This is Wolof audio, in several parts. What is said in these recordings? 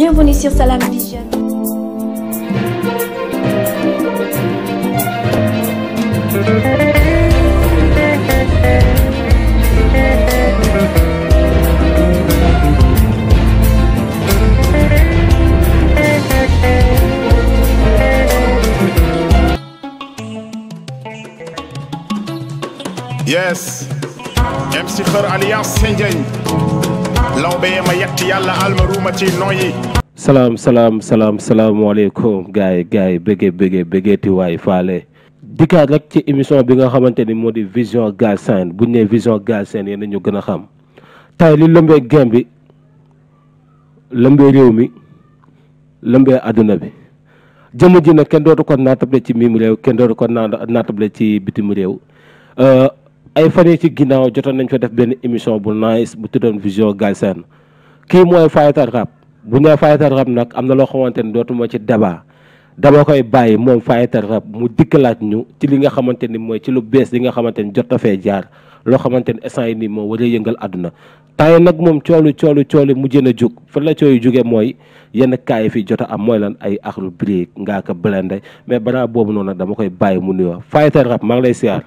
Bienvenue sur Salam Vision. Yes, MC Kheur alias Sendiane lawbe ma yett yàlla almaruma ci noyyi salaam salaam salaam salaamualeykum gars yi gars yi bëggee bëggee bëggeeti faale dikkaat rek ci émission bi nga xamante ni moo di vision Galsen bu ne vision Galsen yéen ñu gën a xam tey li lëmbee gem bi lëmbee réew mi lëmbee àdduna bi jëmm ji na kenn dootu ko naatable ci miim réew kenn dootu ko naatable ci bitim réew euh, ay fan yi ci ginnaaw jotoon nañ fa def benn émission bu nice bu tuddoon vision Galsen kii mooy fighter rab bu ñu nee rab rap nag am na loo xamante ni dootuma ci débat dama koy bàyyi moom fighter rap mu dikkalaat ñu ci li nga xamante ni mooy ci lu bees li nga xamante ni jot na fee jaar loo xamante ni instant yi nii moo war yëngal àdduna temps yi nag moom coolu coolu coolu mujjën a jóg fan la cooyu jóge mooy yenn kaay yi fi jot am mooy lan ay axlu brique ngaa ko blende mais balaa boobu noonu dama koy bàyyi mu nuyoo fighter rap maa ngi lay siyaar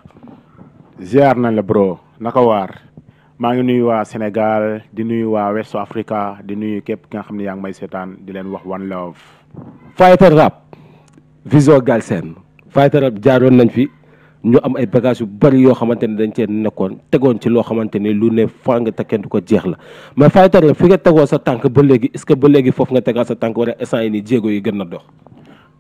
ziar na la bro naka waar maa ngi nuyu waa Sénégal di nuyu waa West Africa di nuyu képp ki nga xam ne yaa ngi may seetaan di leen wax one love. fighter rap vision Galsen fighter rap jaaroon nañ fi ñu am ay bagages yu bari yoo xamante ne dañ teen nekkoon tegoon ci loo xamante ne lu ne fa nga tekkeen du ko jeex la mais fighter rap fi nga tegoo sa tànk ba léegi est-ce que ba léegi foofu nga tegaat sa tànk wala instant yi nii jéego yi gën na dox.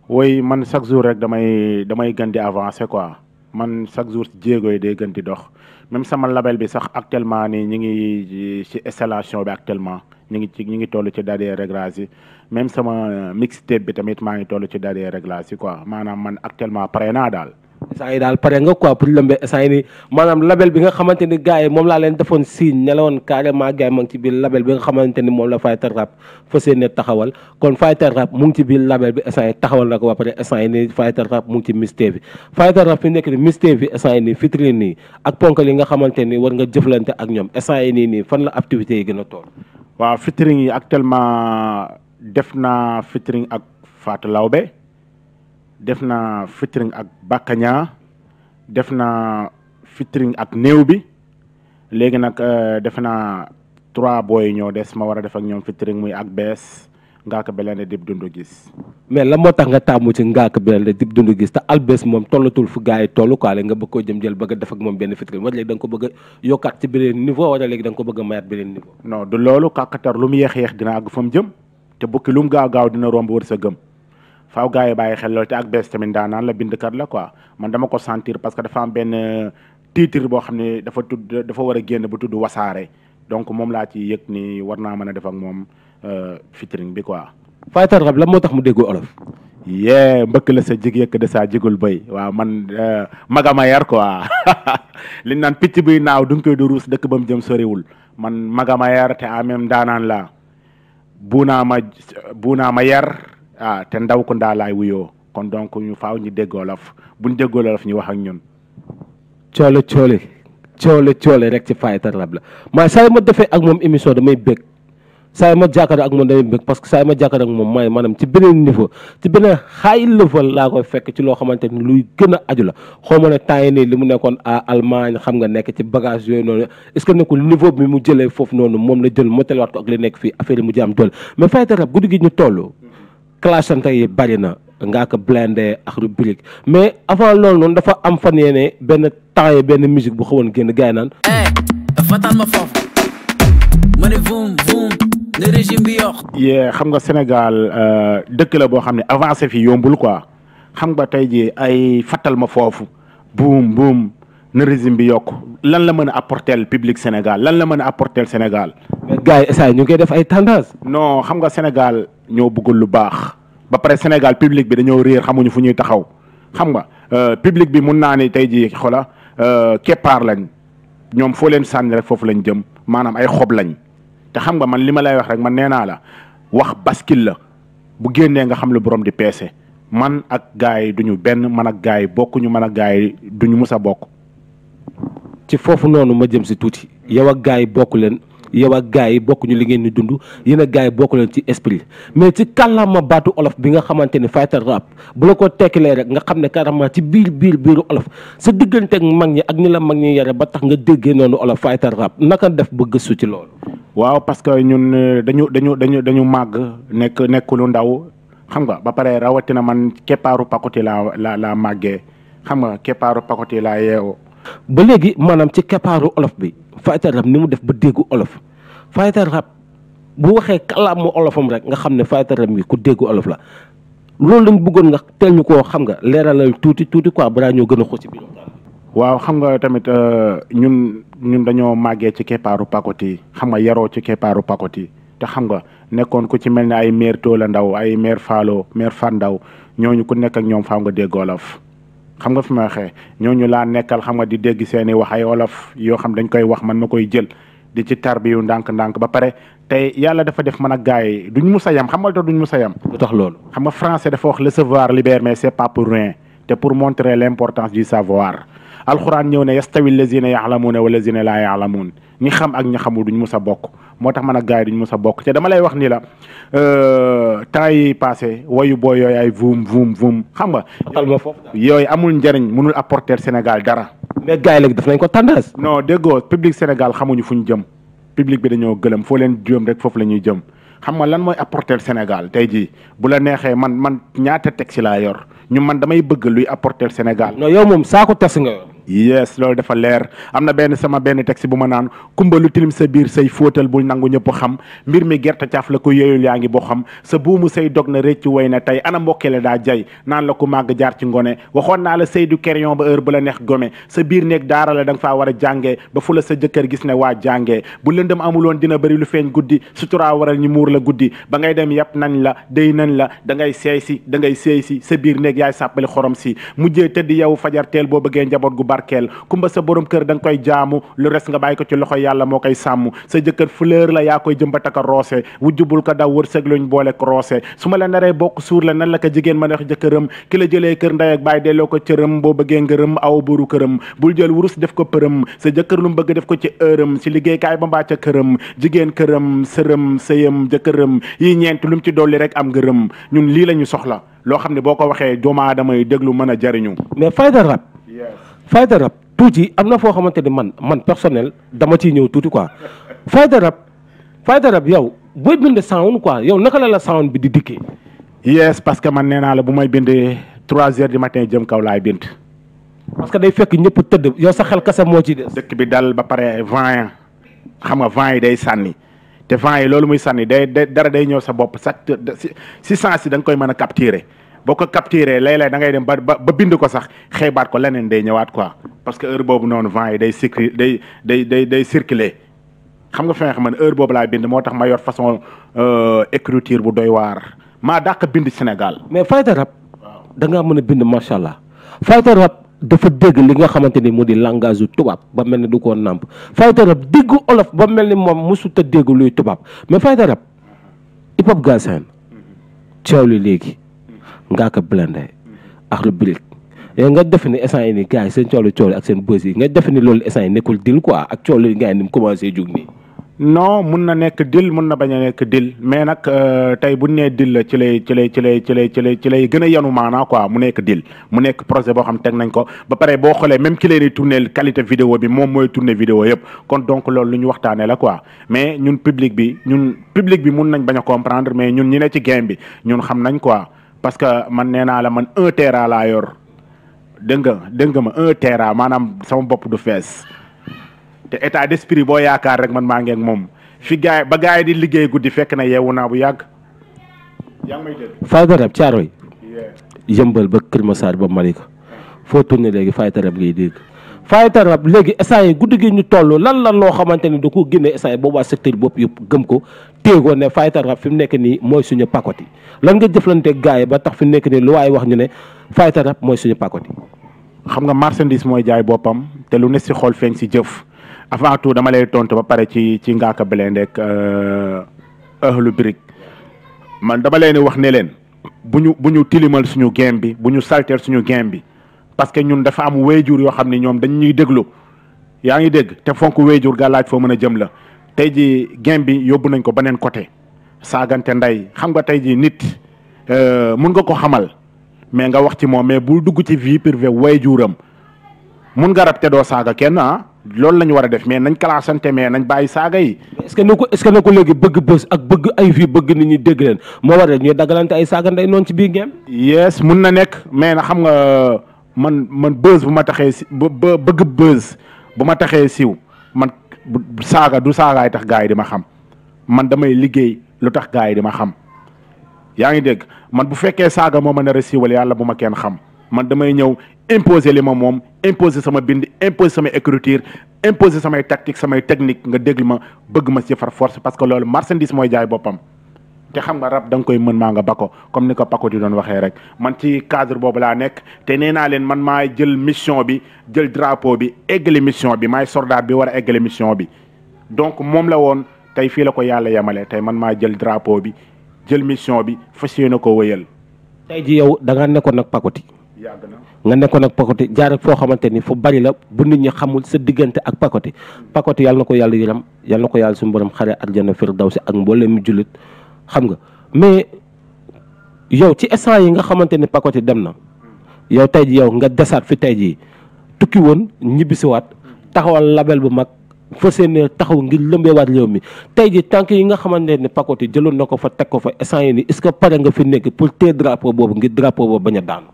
woy man chaque jour rek damay damay gën di avancer quoi. man chaque jour jéego yi day di dox même sama label bi sax actuellement nii ñi ngi ci installation bi actuellement ñu ngi ci ñu ngi toll ci dernier réglage yi même sama euh, mixtape bi tamit maa ngi toll ci dernier réglage yi quoi maanaam man actuellement pare naa daal. instant yi daal pare nga quoi pour lëmbe instant yi nii maanaam label bi nga xamante ni gars moom laa leen defoon signe ne la woon carrément gars yi ma ngi ci biir label bi nga xamante ni moom la Fighter Rap fas yéene taxawal kon Fighter Rap mu ci na ko ba pare instant yi nii Fighter Rap mu ngi ci Miss TV Fighter Rap fi nekk Miss TV instant yi nii vitrine nii ak ponk nga xamante ni war jëflante ak ñoom instant yi nii fan la activités yi gën a tool waaw featuring yi actuellement def naa featuring ak Fatou def naa featuring ak Bakaña def naa featuring ak néew bi léegi nag euh, defe naa trois booy ñoo des ma war a def ak ñoom featuring muy ak bees Ngaaka Blindé Dip Doundou gis mais la moo tax nga taamu ci Ngaaka Blindé Dip Doundou Guiss te Albes moom tollatul fu gars yi toll quoi léegi nga bëgg koo jëm jël bëgg a def ak moom benn featuring wala léegi da ko bëgg a yokkaat ci beneen niveau wala léegi da nga ko bëgg a mayaat beneen niveau. no du loolu kàkkatar lu mu yéex yéex dina àgg fa mu jëm te bukki lu mu dina romb wër sa gëm. faaw gars yi bàyyi xel loolu te ak bees tamit daanaan la bindkat la quoi man dama ko sentir parce que dafa am benn euh, titre boo xam ne dafa tudd dafa war a génn bu tudd wasaare donc moom laa ci yëg ni war naa mën a def ak moom euh, featuring bi quoi. Fayetal rab lan moo tax mu déggoo olof. yee mbëkk la sa jig yëkk de saa jigul béy waaw man euh, magama yar quoi liñ naan picc bi naaw du nga koy du ruus dëkk ba mu jëm soriwul man magama yar te en même daanaan la buunaa ma buunaa ma yar. ah te ndaw ko ndaa laay wuyoo kon donc ñu faaw ñu déggoolaf buñ déggoolaf ñu wax ak ñun coole coole coole coole rek ci Faye Rab la maa saa ma defee ak moom émission damay bég saa ma jàkkaarloo ak moom damay bég que saa moom mooy maanaam ci beneen niveau ci beneen high level laa koy fekk ci loo xamante ni luy gën a aju la xaw ma ne temps li mu nekkoon à Allemagne xam nga nekk ci bagage yooyu noonu est-ce que nekkul niveau bi mu jëlee foofu noonu moom la jël motelewaat ko ak li nekk fii affaire yi mu jaam doole clashante yi bari na ngaa ko blindé ak rubrique mais avant loolu noonu dafa am fa yee benn temps benn musique bu xawoon génn gaay naan eh, dafa taan ma foofu ma ne vum vum ne régime bi yokk yee xam nga Sénégal euh, dëkk la boo xam ne avancé fi yombul quoi xam nga tey jii ay fattal ma foofu buum buum ne régime bi yokk lan la mën a apporter public Sénégal lan la mën a Sénégal. mais gars ñu ngi def ay tendance. non xam nga Sénégal ñoo bëggul lu baax ba pare Sénégal public bi dañoo réer xamuñu fu ñuy taxaw xam nga euh, public bi mun naa ne tey jii xola euh, keppaar lañ ñoom foo leen sànni rek foofu lañ jëm maanaam ay xob lañ te xam nga man li ma lay wax rek man nee naa la wax baskil la bu génnee nga xam lu borom di peese man ak gaay yi duñu benn man a gaay yi bokkuñu man a gaay yi duñu mus a bokk. ci foofu noonu ma jëm si tuuti yow ak gaay yi bokk leen. yow ak gars yi bokk li ngeen di dund yéen ak gars yi bokk leen ci esprit mais ci kàllaama baatu olof bi nga xamante ni fighter rap bu la ko tekkilee rek nga xam ne carrément ci biir biir biiru olof sa diggante ak mag ñi ak ñi la mag ñi yare ba tax nga déggee noonu olof fighter rap naka def ba gëstu loolu. waaw parce que ñun euh, dañu dañu dañu dañu màgg nekk nekk lu ndaw xam nga ba pare rawatina man keppaaru pakoti laa la màggee xam nga keppaaru pakoti laa yeewoo. ba léegi maanaam ci keppaaru olof bi Fayital Rap ni mu def ba déggu olof Fayital Rap bu waxee kalaamu olofam rek nga xam ne Fayital Rap bi ku déggu olof la loolu lañ bëggoon nga teel ñu koo xam nga leeralal tuuti tuuti quoi balaa ñoo gën a xusi bi waaw xam nga tamit euh, ñun ñun dañoo màggee ci keppaaru pakoti yi xam nga yaroo ci keppaaru pakoti yi te xam nga nekkoon ku ci mel ne ay maire Toola Ndaw ay maire Faalo maire Fandaw ñooñu ku nekk ak ñoom faaw nga dégg olof xam nga fi ma waxee ñooñu laa nekkal xam nga di dégg seeni i wax ay wolof yoo xam dañ koy wax man ma koy jël di ci tarbiyu ndànk-ndànk ba pare tey yàlla dafa def man ak gars yi duñ a yam xam nga lu tax a yam. lu tax loolu. xam nga français dafa wax le savoir libère mais c'est pas pour rien te pour montrer l'importance du savoir alxuraan ñëw ne yastawi lazina yaxlamuuna wa lazina laa yaxlamuun ñi xam ak ñi xamul duñ mës a bokk moo tax man ak gars yi duñ mës a bokk te dama lay wax ni la euh, temps yi passé wayu boo yooyu ay vuum vuum vuum xam nga. xal ma foofu yooyu amul njëriñ mënul apporter Sénégal dara. mais gars yi léegi daf nañ ko tendance. no déggoo public Sénégal xamuñu fu ñu jëm public bi dañoo gëlëm foo leen jëm rek foofu la ñuy jëm. xam nga lan mooy apporter Sénégal tey jii bu la neexee man man ñaata teg si yor ñu man damay bëgg luy apporter Sénégal. non yow moom saako test yes loolu dafa leer am na benn sama benn texte bu ma naan kumba lu tilim sa biir say fóotal bu nangu ñëpp xam mbir mi gerte caaf la ko yeyul yaa ngi boo xam sa buumu say dog na rëcc way na tey ana mbokke la daa jay naan la ko màgg jaar ci ngone waxoon naa la Seydou Kerion ba heure ba la neex gome sa biir néeg daara da nga faa war a jàngee ba fu sa jëkkër gis ne waa jàngee bu lëndëm amuloon dina bëri lu feeñ guddi sutura waral ñu muur la guddi ba ngay dem nañ la day nañ la da ngay seey si da ngay seey si sa biir néeg yaay sàppali xorom si mujjee tëdd yow fajar teel boo bëggee njaboot gu barkeel kumba sa borom kër da nga koy jaamu lu res nga bàyyi ko ci loxo yàlla moo koy sàmm sa jëkkër fleur la yaa koy jëmbat ak a roose bul ko daw wërsëg luñ boole ko roose su ma la naree bokk suur la nan la ko jigéen mën a wax jëkkëram ki la jëlee kër ndey ak bàyyi delloo ko cëram boo bëggee ngërëm aw buru këram bul jël wurus def ko përëm sa jëkkër lu mu bëgg def ko ci ërëm si liggéeykaay ba mbaa ca këram jigéen këram sërëm sëyam jëkkëram yi ñeent lu mu ci dolli rek am ngërëm ñun lii la ñu soxla loo xam ne boo ko waxee doomu aadama yi déglu mën a jariñu Fayda Rap tuuti am na foo xamante ni man man personnel dama ciy ñëw tuuti quoi Fayda Rap Fayda Rap yow booy bind sound quoi yow naka la la sound bi di dikkee. yes parce que man nee naa la bu may bind trois heures du matin jëm kaw laay bind. parce que day fekk ñëpp tëdd yow sa xel kese moo ci des. dëkk bi dal ba pare vent xam nga vent yi day sànni te vent yi loolu muy sànni day day dara day ñëw sa bopp sax si si sens yi da nga koy mën a capturer. boo ko capturé léeg-léeg da ngay dem ba ba bind ko sax xeebaat ko leneen day ñëwaat quoi parce que heure boobu noonu vent yi day circu day day day day circuler xam nga fi nga xam heure boobu laay bind moo tax ma yor façon euh, écriture bu doy waar maa dàq bind Sénégal. mais fayta rap. da ngaa mën a bind macha allah fayta rap dafa dégg li nga xamante ni mu di langage yu tubaab ba mel ni du ko nàmp fayta rap déggu olof ba mel ni moom mosut a dégg luy tubaab mais fayta rap hip hop mm-hmm. léegi. Ngaaka Blindé ak lu birig yow eh, nga def ni instant yi nii gars yi seen coolu coolu ak seen bës nga def ni loolu instant yi nekkul dil quoi ak coolu yi gars mu nekk dil mun na a nekk euh, bu nee dil ci lay ci lay ci lay ci lay ci lay a mu nekk dil mu nekk projet boo xam teg nañ ko ba pare boo xoolee même ki leen di tourné qualité vidéo bi moom mooy tourné vidéo yëpp kon donc loolu lu ñu waxtaanee la quoi ñun public bi ñun public bi mun nañ bañ a comprendre parce que man nee naa la man un tera laa yor dégg nga dégg nga ma un tera maanaam sama bopp du fees te état d'esprit boo yaakaar rek man maa ngi moom fi gaay ba gaay di liggéey guddi fekk na yeewu naa bu yàgg. yaa ngi may dégg. Faye Barab ba Kër Massar ba Malika foo tourné léegi Faye Barab ngay dégg. Fayetal rab léegi instant guddi gi ñu toll lan lan loo xamante ni da ko génnee instant yi boobu waa secteur bopp yëpp gëm ko téegoo ne Fayetal rab fi mu nekk nii mooy suñu pakoti lan nga jëflante gars yi ba tax fi mu nekk nii lu waaye wax ñu ne Fayetal rab mooy suñu pakoti xam nga marchandise mooy jaay boppam te lu ne si xool feeñ si jëf avant tout dama lay tontu ba pare ci ci Ngaaka Blindé ak euh, lu Brick man dama leen wax ne leen bu ñu bu ñu tilimal suñu game bi bu ñu salteel suñu game bi parce que ñun dafa am jur yoo xam ne ñoom dañ ñuy déglu yaa ngi dégg te fonk wéyjur gaa laaj foo mën a jëm la tey ji game bi yóbbu nañ ko beneen côté saagante ndey xam nga tey ji nit euh, mun nga ko xamal mais nga wax ci moom mais bu dugg ci vie privée wéyjuram mun nga rab te doo saaga kenn ah loolu la ñu war a def mais nañ kalaasante mais nañ bàyyi saaga yi. est que ne ko léegi bëgg bës ak bëgg ay vie bëgg ni ñi dégg leen moo war a ñuy dagalante ay saaga ndey noonu ci biir game. yes mun na nekk mais na xam nga. man man buzz bu ma taxee si ba bëgg bu ma taxee siw man saaga du saagaay tax gars yi di ma xam man damay liggéey lu tax gars yi di ma xam yaa ngi dégg man bu fekkee saaga moo ma nar a siiwal yàlla bu ma kenn xam man damay ñëw imposer li ma moom imposer sama bind imposer sama écriture imposer samay tactique samay technique nga déglu ma bëgg ma ci far force parce que loolu marchandise mooy jaay boppam te xam nga rab danga koy mën maa nga bakko comme ni ko Paco di doon waxee rek man ci cadre boobu laa nekk te nee naa leen man maay jël mission bi jël drapeau bi eggali mission bi maay soldat bi war a eggali mission bi donc moom la woon tey fii la ko yàlla yemale tey man maa jël drapeau bi jël mission bi fas yéene ko wëyal. tey ji yow da nga nekkoon ak Pacoti. yàgg na nga nekkoon ak Pacoti jaar foo xamante ni fu bari la bu nit ñi xamul sa diggante ak Pacoti. Pacoti yàlla na ko yàlla yëram yàlla na ko yàlla suñu borom xare àjjana firdawsi ak mboolem mi jullit. xam nga mais yow ci instant yi nga xamante ne Pakoti dem na yow tey ji yow nga desaat fi tey jii tukki woon ñibbisiwaat taxawal label bu mag fa seen taxaw ngir lëmbeewaat réew mi tey ji tànk yi nga xamante ne Pakoti jëloon na ko fa teg ko fa instant yi nii est-ce que pare nga fi nekk pour te drapeau boobu ngir drapeau boobu bañ a daanu.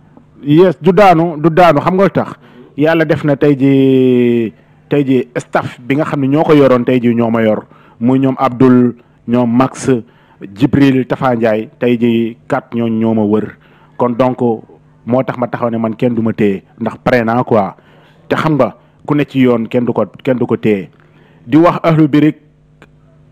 yes du daanu du daanu xam nga tax yàlla def na tey ji tey ji staff bi nga xam ne ñoo ko yoroon tey ji ñoo ma yor muy ñoom Abdul ñoom Max. Jibril Tafa Ndiaye tey ji quatre ñooñ ñoo ma wër kon donc moo tax ma taxaw ne man kenn du ma téye ndax pare naa quoi te xam nga ku ne ci yoon kenn du ko kenn du ko téye di wax ahlu birik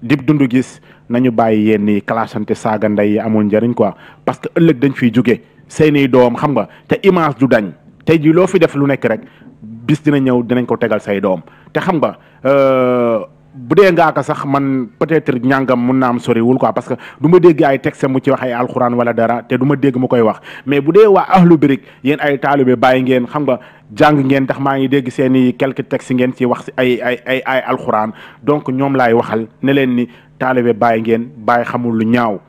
di dund gis nañu bàyyi yenn yi clashante saaga ndey yi amul njëriñ quoi parce que ëllëg dañ fiy jóge seeni doom xam nga te image ju dañ tey ji loo fi def lu nekk rek bis dina ñëw dinañ ko tegal say doom te xam nga euh, bu dee ngaaka sax man peut-être ñàngam mun na am soriwul quoi parce que duma ma dégg ay texte mu ci wax ay alxuraan wala dara te du ma mu koy wax mais bu dee waa ahlu birik yéen ay taalibe bàyyi ngeen xam nga jàng ngeen tax maa ngi dégg seen i quelques textes ngeen ci wax ay ay ay ay alxuraan donc ñoom laay waxal ne leen ni taalibe bàyyi ngeen bàyyi xamul lu ñaaw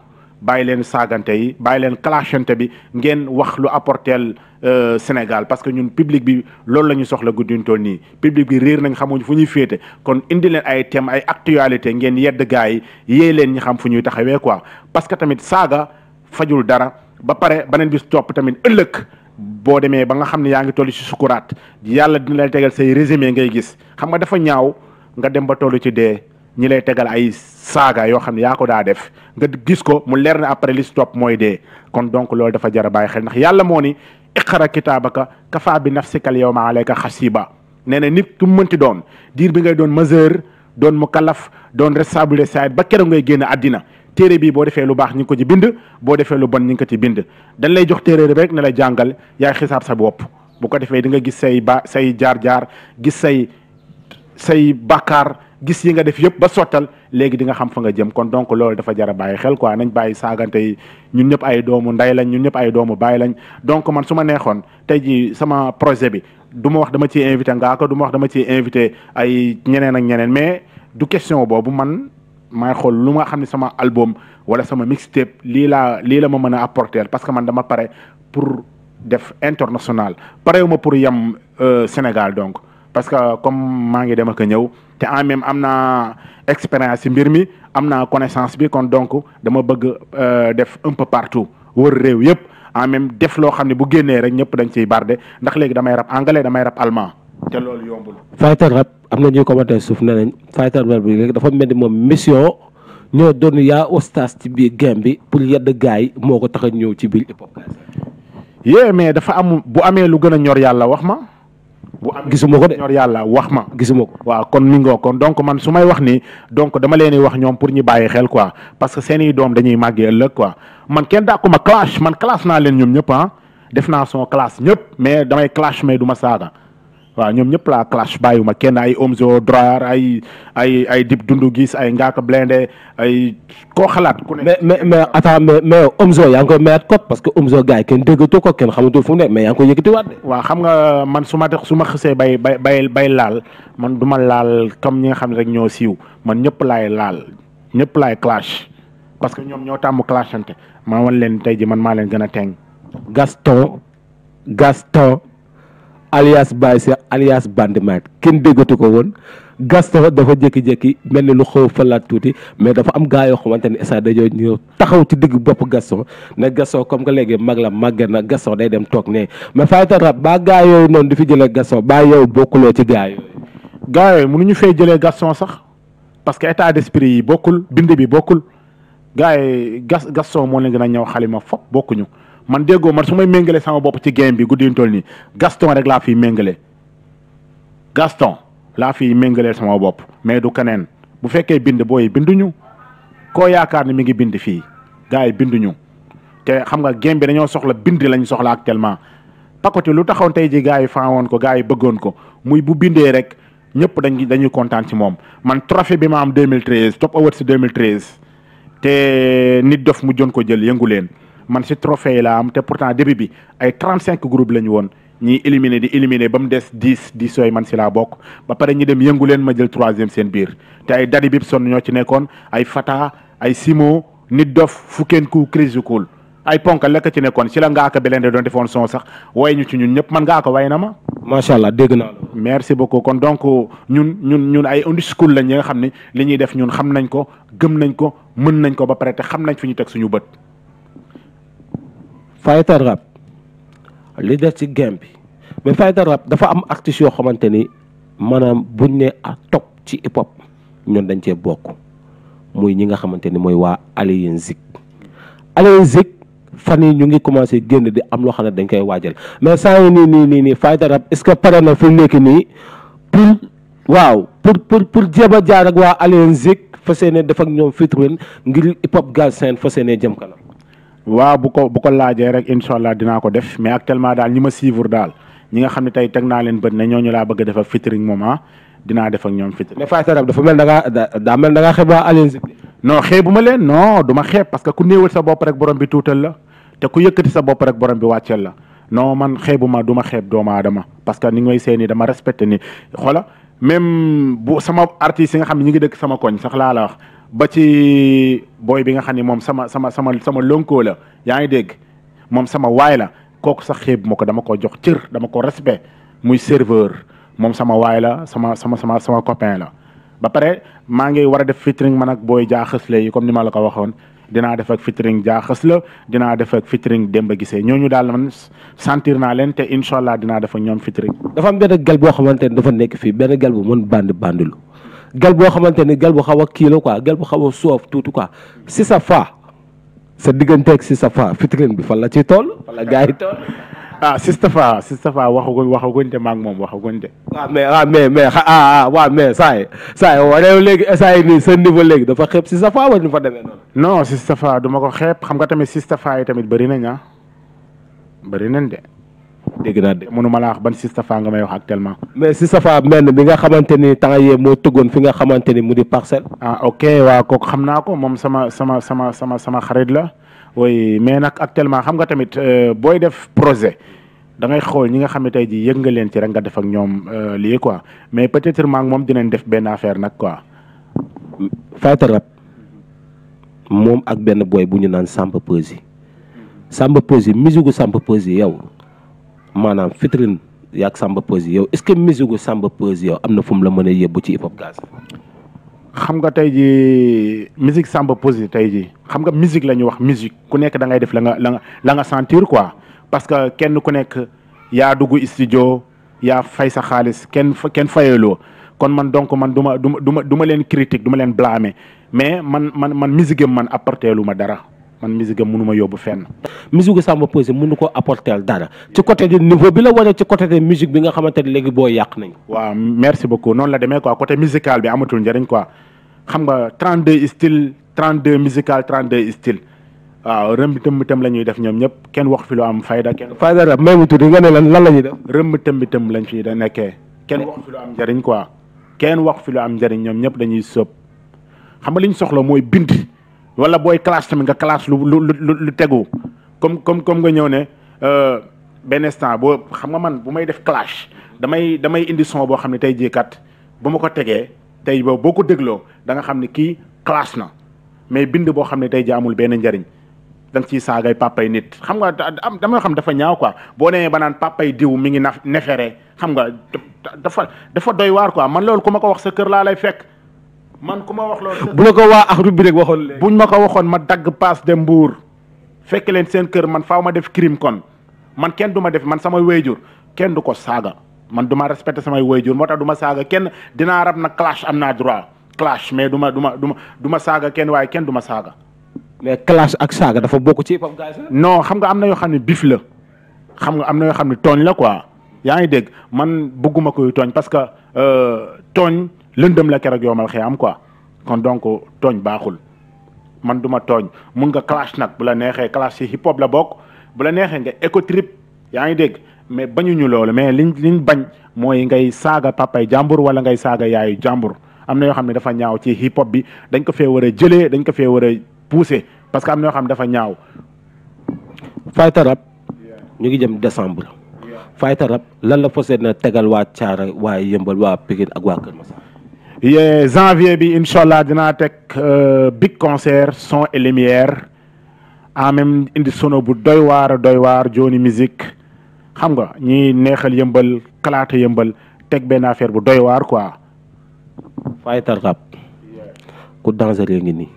bàyyi leen saagante yi bàyyi leen clashante bi ngeen wax lu apporteel euh, Sénégal parce que ñun public bi loolu la ñu soxla guddiñ nii public bi réer nañ xamuñ fu ñuy féete kon indi leen ay thème ay actualité ngeen yedd gars yi yée leen ñi xam fu ñuy taxawee quoi parce que tamit saaga fajul dara ba pare beneen bis topp tamit ëllëg boo demee ba nga xam ne yaa ngi toll ci sukuraat yàlla dina lay tegal say résumé ngay gis xam nga dafa ñaaw nga dem ba toll ci dee ñi lay tegal ay saaga yoo xam ne yaa ko daa def nga gis ko mu leer ne après li si mooy dee kon donc loolu dafa jar a bàyyi xel ndax yàlla moo ni iqra kitaabaka kafa bi nafsikal yawma alayka xasiba nee na nit ku mënti doon diir bi ngay doon majeur doon mu kalaf doon responsable saayit ba keroog ngay génn addina téere bi boo defee lu baax ñu ko ci bind boo defee lu bon ñu ko ci bind dañ lay jox téere rek ne la jàngal yaay xisaab sa bopp boo ko defee di nga gis say ba say jaar-jaar gis say say bàkkaar gis yi nga def yëpp ba sottal léegi di nga xam fa nga jëm kon donc loolu dafa jar a bàyyi xel quoi nañ bàyyi saagante yi ñun ñëpp ay doomu ndey lañ ñun ñëpp ay doomu bàyyi lañ donc man su ma neexoon tey jii sama projet bi du ma wax dama ci invité Ngaaka du ma wax dama ciy invité ay ñeneen a ñeneen mais du question boobu man maay xool lu nga xam ne sama album wala sama mixtape lii laa lii la ma mën a apporter parce que man dama pare pour def international parewu ma pour yem euh, Sénégal donc parce que comme maa ngi dem ak ñëw te en même am na expérience ci mbir mi am naa connaissance bi kon donc dama bëgg euh, def un peu partout war réew yëpp en même def loo xam ne bu génnee rek ñëpp dañ ciy barde ndax léegi damay rap anglais damay rap allemand te loolu yombul. fighter rap am na ñuy commenté suuf nee nañ fighter rap bi léegi dafa moom mission ñoo doon yaa ostaas ci biir game bi pour yedd gars yi moo ko tax a ñëw ci biir hip yee mais dafa am bu amee lu gën a ñor yàlla wax ma. bu am gisuma ko de yàlla wax ma gisuma ko waaw kon mi ngoo kon donc man su may wax nii donc dama leen wax ñoom pour ñu bàyyi xel quoi parce que seeni doom dañuy màggee ëllëg quoi man kenn dàqu ma clash man clash naa leen ñoom ñëpp ah. def naa son classe ñëpp mais damay clash mais du ma saaga waaw ñoom ñëpp laa clash bàyyiwuma kenn ay Omzo Drar ay ay ay Dip Doundou Guiss ay Ngaaka Blindé ay koo xalaat ku ne. mais mais mais attends mais mais Omzo yaa ngi koy mayaat kot parce que Omzo gars yi kenn déggatoo ko kenn xamatul fu mu ne mais yaa ngi koy yëkkatiwaat de. waaw xam nga man su ma def su ma xësee bay bay bay bay laal man du ma laal comme ñi nga xam ne rek ñoo siiw man ñëpp laay laal ñëpp laay clash parce que ñoom ñoo tàmm clashante maa wan leen te ji man maa leen gën a teng. alias Baye Cheikh alias Bandimite kenn déggatu ko woon gas dafa dafa jékki mel ni lu xaw falaat tuuti mais dafa am gaa yoo xamante ne instant dañoo ñëw taxaw ci digg bopp Gaston ne Gaston comme que léegi mag la màgget na Gaston day dem toog ne mais Fayda Rab baa gaa yooyu di fi jëlee Gaston baa yow bokkuloo ci gaa yooyu. gaa yooyu ñu fee jëlee Gaston sax parce que état d'esprit yi bokkul bind bi bokkul gaa gas Gaston moo leen gën a ñëw xalima fop bokkuñu. man déggoo man su may méngale sama bopp ci game bi guddi toll nii Gaston rek laa fiy méngale Gaston laa fiy méngaleel sama bopp mais du keneen bu fekkee bind booy binduñu ko yaakaar ni mi ngi bind fii gars yi binduñu te xam nga game bi dañoo soxla bind lañ soxla actuellement Pacoté lu taxawoon tey ji gars yi faawoon ko gars yi bëggoon ko muy bu bindee rek ñëpp dañ dañuy kontaan ci moom man trophée bi ma am 2013 Top Awards 2013 te nit dof mu jon ko jël yëngu leen man si trophée laa am te pourtant début bi ay trent cinq groupes la ñu woon ñiy éliminé di éliminé ba mu des dix dix yooyu man si laa bokk ba pare ñi dem yënguleen ma jël troisième seen biir te ay dadi bib sonn ñoo ci nekkoon ay Fata ay Simo nit dof fukkenku crisicul ay ponkal lekk ci nekkoon si la ngaa ko beleen de doon defoon son sax waaye ñu ci ñun ñëpp man ngaa ko waaye na ma macha allah dégg naa merci beaucoup kon donc ñun ñun ñun ay underschool lañ ñi nga xam ne li ñuy def ñun xam nañ ko gëm nañ ko mën nañ ko ba pare xam nañ fi ñu teg suñu bët fighter rap li des ci game bi mais fighter rap dafa am artistes yoo xamante ni maanaam buñ ne a top ci hip hop ñoom dañ cee bokk muy ñi nga xamante ni mooy waa Alioune Zik Alioune Zik fan yi ñu ngi commencé génn di am loo xam ne dañ koy waajal mais saa yu nii nii nii fighter rap est-ce que pare na fi mu nekk nii pour waaw pour pour pour jéem a jaar ak waa Alioune Zik fas yéene def ak ñoom featuring ngir hip hop Galsen fas seenee jëm kanam. waaw bu ko bu ko laajee rek incha allah dinaa ko def mais actuellement daal ñi ma suivre daal ñi nga xam ne tey teg naa leen bët ne ñooñu la bëgg defa def ak featuring moom ah dinaa def ñoom featuring. mais Faye dafa mel da ngaa daa mel da ngaa xeeb waa Alioune Zip. non xeebu ma leen non du ma parce que ku néewal sa bopp rek borom bi tuutal la te ku yëkkati sa bopp rek borom bi wàcceel la non man xeebu ma du ma xeeb doomu aadama parce que ni ngay see ni dama respecté ni xola même bu sama artistes yi nga xam ne ñu ngi dëkk sama koñ sax laa ba ci booy bi nga xam ne moom sama sama sama sama lonkoo la yaa ngi dégg moom sama waay la kooku sax xeeb ma ko dama ko jox cër dama ko respect muy serveur moom sama waay la sama sama sama sama copain la. ba pare maa ngi war a def featuring man ak booy jaaxas la yi comme ni ma la ko waxoon dinaa def ak featuring jaaxas la dinaa def ak featuring Demba Gisee ñooñu daal man sentir naa leen te incha allah dinaa def ak ñoom featuring. dafa am benn gal boo xamante ne dafa nekk fii benn gal bu mën bandi bandilu gal boo xamante ni gal bu xaw a kii la quoi gal bu xaw a suuf tuuti quoi si sa fa sa digganteeg si sa fa fitrin bi fan la ci toll fan la gars yi toll ah Sistapha Sistapha waxaguñ waxaguñ te maag moom waxaguñ te. waaw ah, mais waaw ah, mais mais xa ah, ah ah waaw mais saa yi saa yi waree léegi saa yi nii seen niveau léegi dafa xeeb Sistapha wala ñu fa demee noonu. non Sistapha du ma ko xeeb xam nga tamit Sistapha yi tamit bëri nañ ah bëri nañ de. dégg naa dégg mënu ma la wax ban Sistapha nga may wax actuellement. mais Sistapha mel bi nga xamante ni temps moo tëggoon fi nga xamante ni mu di parcel ah ok waaw kooku xam naa ko moom sama sama sama sama sama xarit la oui mais nag actuellement xam nga tamit euh, booy def projet. da ngay xool ñi nga xam ne jii yëg nga leen ci rek nga def ak ñoom euh, lii quoi mais peut-être maa ngi moom dinañ def benn affaire nag quoi. Fighter Rap moom ak benn boy bu ñu naan Sampa Peuzzi Sampa Peuzzi musique gu Sampa Peuzzi yow maanaam fitrine yaag Samba Peuzzi yow est-ce que musique Samba Peuzzi yow am na fu la mën a yóbbu ci hip hop gaz. xam nga tey ji musique Samba Peuzzi tey ji xam nga musique la ñuy wax musique ku nekk da ngay def la nga la la nga sentir quoi parce que kenn ku nekk yaa dugg studio yaa fay sa xaalis kenn kenn fayaloo kon man donc man du ma du ma du ma leen critique du ma leen blâmer mais man man man musique am man apporté lu ma dara. man musique am mënuma yóbbu fenn. musique Samba Peuzzi mënu ko apporter dara ci côté de niveau bi la wala ci côté de musique bi nga xamante ne léegi boo yàq nañ waaw merci beaucoup noon la demee quoi côté musical bi amatul njëriñ quoi xam nga 32 style 32 musical 32 style waaw rëmb tëmb tëmb la ñuy def ñoom ñëpp kenn wax fi lu am fayda kenn. fayda rab may nga ne lan lan la ñuy def. rëmb tëmb tëmb lañ fi da nekkee. kenn wax fi lu am njëriñ fi lu am njëriñ ñoom ñëpp dañuy sóob xam nga li ñu soxla mooy bind. wala booy classe tamit nga classe lu lu lu tegu comme comme comme nga ñëw ne euh, benn instant boo xam nga man bu may def clash damay damay indi son boo xam ne tay jii bu ma ko tegee tey boo ko dégloo danga xam ne kii clash na mais bind boo xam ne tey jii amul benn njariñ da nga ciy saagay papay nit xam nga am dama xam dafa ñaaw quoi boo nee ba naan papay diw mi ngi na nefere xam nga dafa dafa doy waar ko man loolu ku ma ko wax sa kër laa lay fekk. man ku ma wax bu la ko waa axlu bi rek waxoon bu buñ ma ko waxoon ma dagg paas de mbuur fekk leen seen kër man faaw ma def kirim kon man kenn du ma def man sama wéyjur kenn du ko saaga man du ma respecté samay wéyjur moo tax du ma saaga kenn dinaa rab na clash am naa droit clash mais duma ma du ma du ma du ma saaga kenn waaye kenn du ma saaga. mais clash ak saaga dafa bokk ci pam gaay non xam nga am na yoo xam ne bif la xam nga am na yoo xam ne tooñ la quoi yaa ngi dégg man bëgguma koy tooñ parce que euh, tooñ. lëndëm la keroog yowmal xiyaam quoi kon donc tooñ baaxul man duma tooñ mun nga clash nag bu la neexee clash ci hip hop la bokk bu la neexee nga éco trip yaa ngi dégg mais bañuñu loolu mais liñ liñ bañ mooy ngay saaga papay jàmbur wala ngay saaga yaayu jàmbur am na yoo xam ne dafa ñaaw ci hip hop bi dañ ko fee war a jëlee dañ ko fee war a pousser parce que am na yoo xam ne dafa ñaaw. Fayta Rap ñu ngi jëm décembre. Fayta Rap lan la fas yéene tegal waa Thiaroye waa Yëmbal waa Pikine ak waa Kër janvier bi incha allah dinaa teg euh, big concert son et lumière en même indi sono bu doy waar doy waar jooni xam nga ñi neexal yëmbal kalaata yëmbal teg benn affaire bu doy waar quoi. Fighter rap ku dangereux ngi nii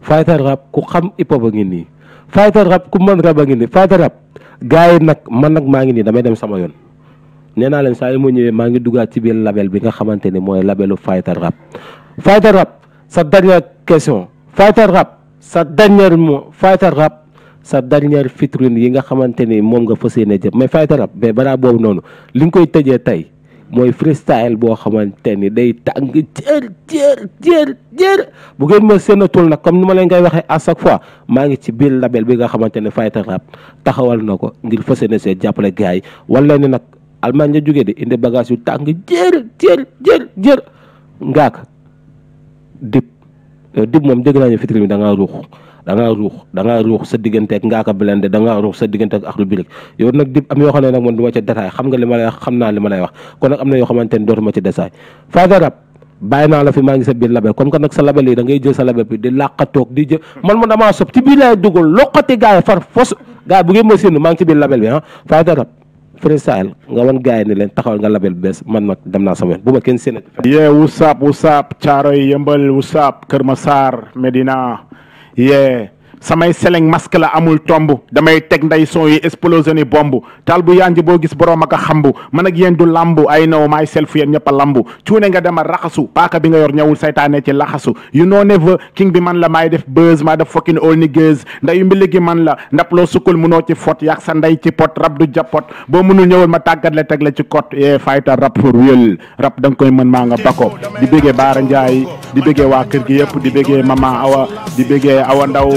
Fighter rap ku xam hip hop a ngi nii Fighter rap ku mën rap a ngi nii Fighter rap gars nag man nag maa ngi nii damay dem sama yoon. nee naa leen saa yu ma ñëwee maa ngi duggaat ci biir label bi nga xamante ni mooy labelu Fighter Rap Fighter Rap sa dernière question Fighter sa dernière mot sa dernière vitrine yi nga xamante ni moom nga fas yéene jëm mais Fighter Rap mais boobu noonu li nga koy tëjee tey mooy freestyle boo xamante ni day tàng jër ngeen ma sénatul nag comme ni ma leen ngay waxee à fois maa ngi ci biir label bi nga xamante ne Fighter taxawal na ko ngir fas yéene see jàppale gars yi Allemagne la jógee de indi bagage yu tàng jër jër jër jër ngaak dib euh, dib moom da ngaa ruux da ngaa ruux da ngaa ruux sa digganteeg ngaaka blende da ngaa ruux sa digganteeg ak lu birig nag dib am yoo xam ne nag man du ma ca détail xam nga li ma xam naa li ma lay wax kon nag am na yoo xamante ne dootuma ci détail Father Rab bàyyi naa la fi maa ngi sa biir label comme que nag sa label yi da ngay sa label bi di làqatoog di jël man ma damaa sob ci biir laay dugal loqati gars far fos gars yi ma séenu maa ngi ci biir label bi ah. Father Rab freestyle nga wan gars yi ne leen taxawal nga label bees man nag dem naa sama yoon bu ma kenn séenati. yee wusaab wusaab Caaroy Yëmbal wusaab Kër Massar Medina yee samay seleng masque la amul tomb damay teg nday son yi explosion yi bomb taal bu yanj boo gis boroom ak xambu man ak yéen du lambu ay naw maay self yéen ñëpp a lambu cuune nga dema raxasu paaka bi nga yor ñawul saytaane ci laxasu you know never king bi man la maay def buzz maa def fokkin all niggas ndayu mbili man la ndap loo sukkul munoo ci fot yaag sa nday ci pot rab du japot boo mënul ñëwal ma tàggat le teg la ci kot e fayta rap for real rap koy mën maa nga bako di béggee Baara Njaay di béggee waa kër gi yëpp di béggee Mama Awa di béggee Awa Ndaw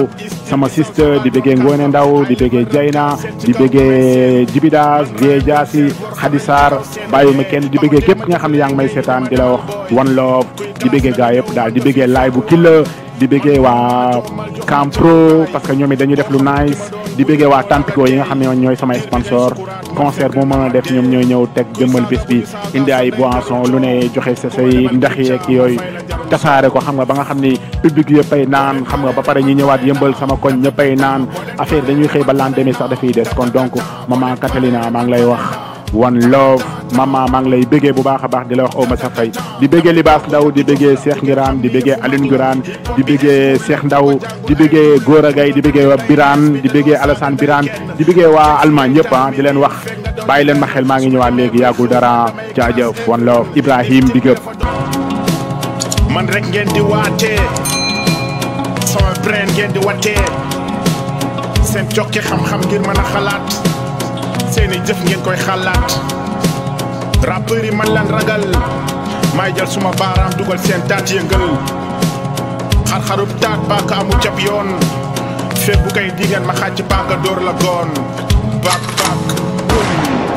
sama sister di bëggee Ngoone Ndaw di bëggee Jayna di bëggee Jibidaas Vieux Diassi Khady Sarr bàyyiwuma kenn di bëggee képp nga xam ne yaa ngi may seetaan di la wax one love di bëggee gaa yëpp daal di bëggee laay bu killa di bëggee waa Camp Pro parce que ñoom it dañuy def lu nice di bëggee waa Tampico yi nga xam ne ñooy samay sponsor concert bu mën a def ñoom ñooy ñëw teg jëmmal bés bi indi ay boisson lu ne joxe sa say ndax yeeg yooyu tasaare ko xam nga ba nga xam ni public yëppay naan xam nga ba pare ñu ñëwaat yëmbal sama koñ ñëppay naan affaire dañuy xëy ba lendemain sax dafay des kon donc maman Catalina maa ngi lay wax one love maman maa ngi lay bëggee bu baax a baax di la wax aw ma sa fay di bëggee Libaas Ndaw di bëggee Cheikh Ngiraan di bëggee Aline Ngiraan di bëggee Cheikh Ndaw di bëggee Gora Gaye di bëggee waa Birane di bëggee Alassane Birane di bëggee waa Allemagne ñëpp ah di leen wax bàyyi leen ma xel maa ngi ñëwaat léegi yàggul dara jaajëf one love Ibrahim big up man rek ngeen di waatee sama brain ngeen di watee seen cokki xam-xam ngir mën a xalaat seeni jëf ngeen koy xalaat rappeurs yi man lan ragal may jël suma baaraam dugal seen taat yëngal xar-xarub taat baaka amu cap yoon fépp bu koy di ma xàcc baaka dóor la goon bak bak bum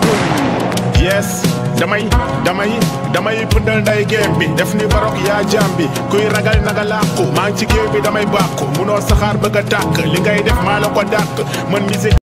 bum damay damay damay pëndal nday géem bi def ni barok yaa jaam bi kuy ragal naga làqu maa ngi ci géew bi damay bàkku munoo saxaar bëgg a tàkk li ngay def maa la ko dàq man musique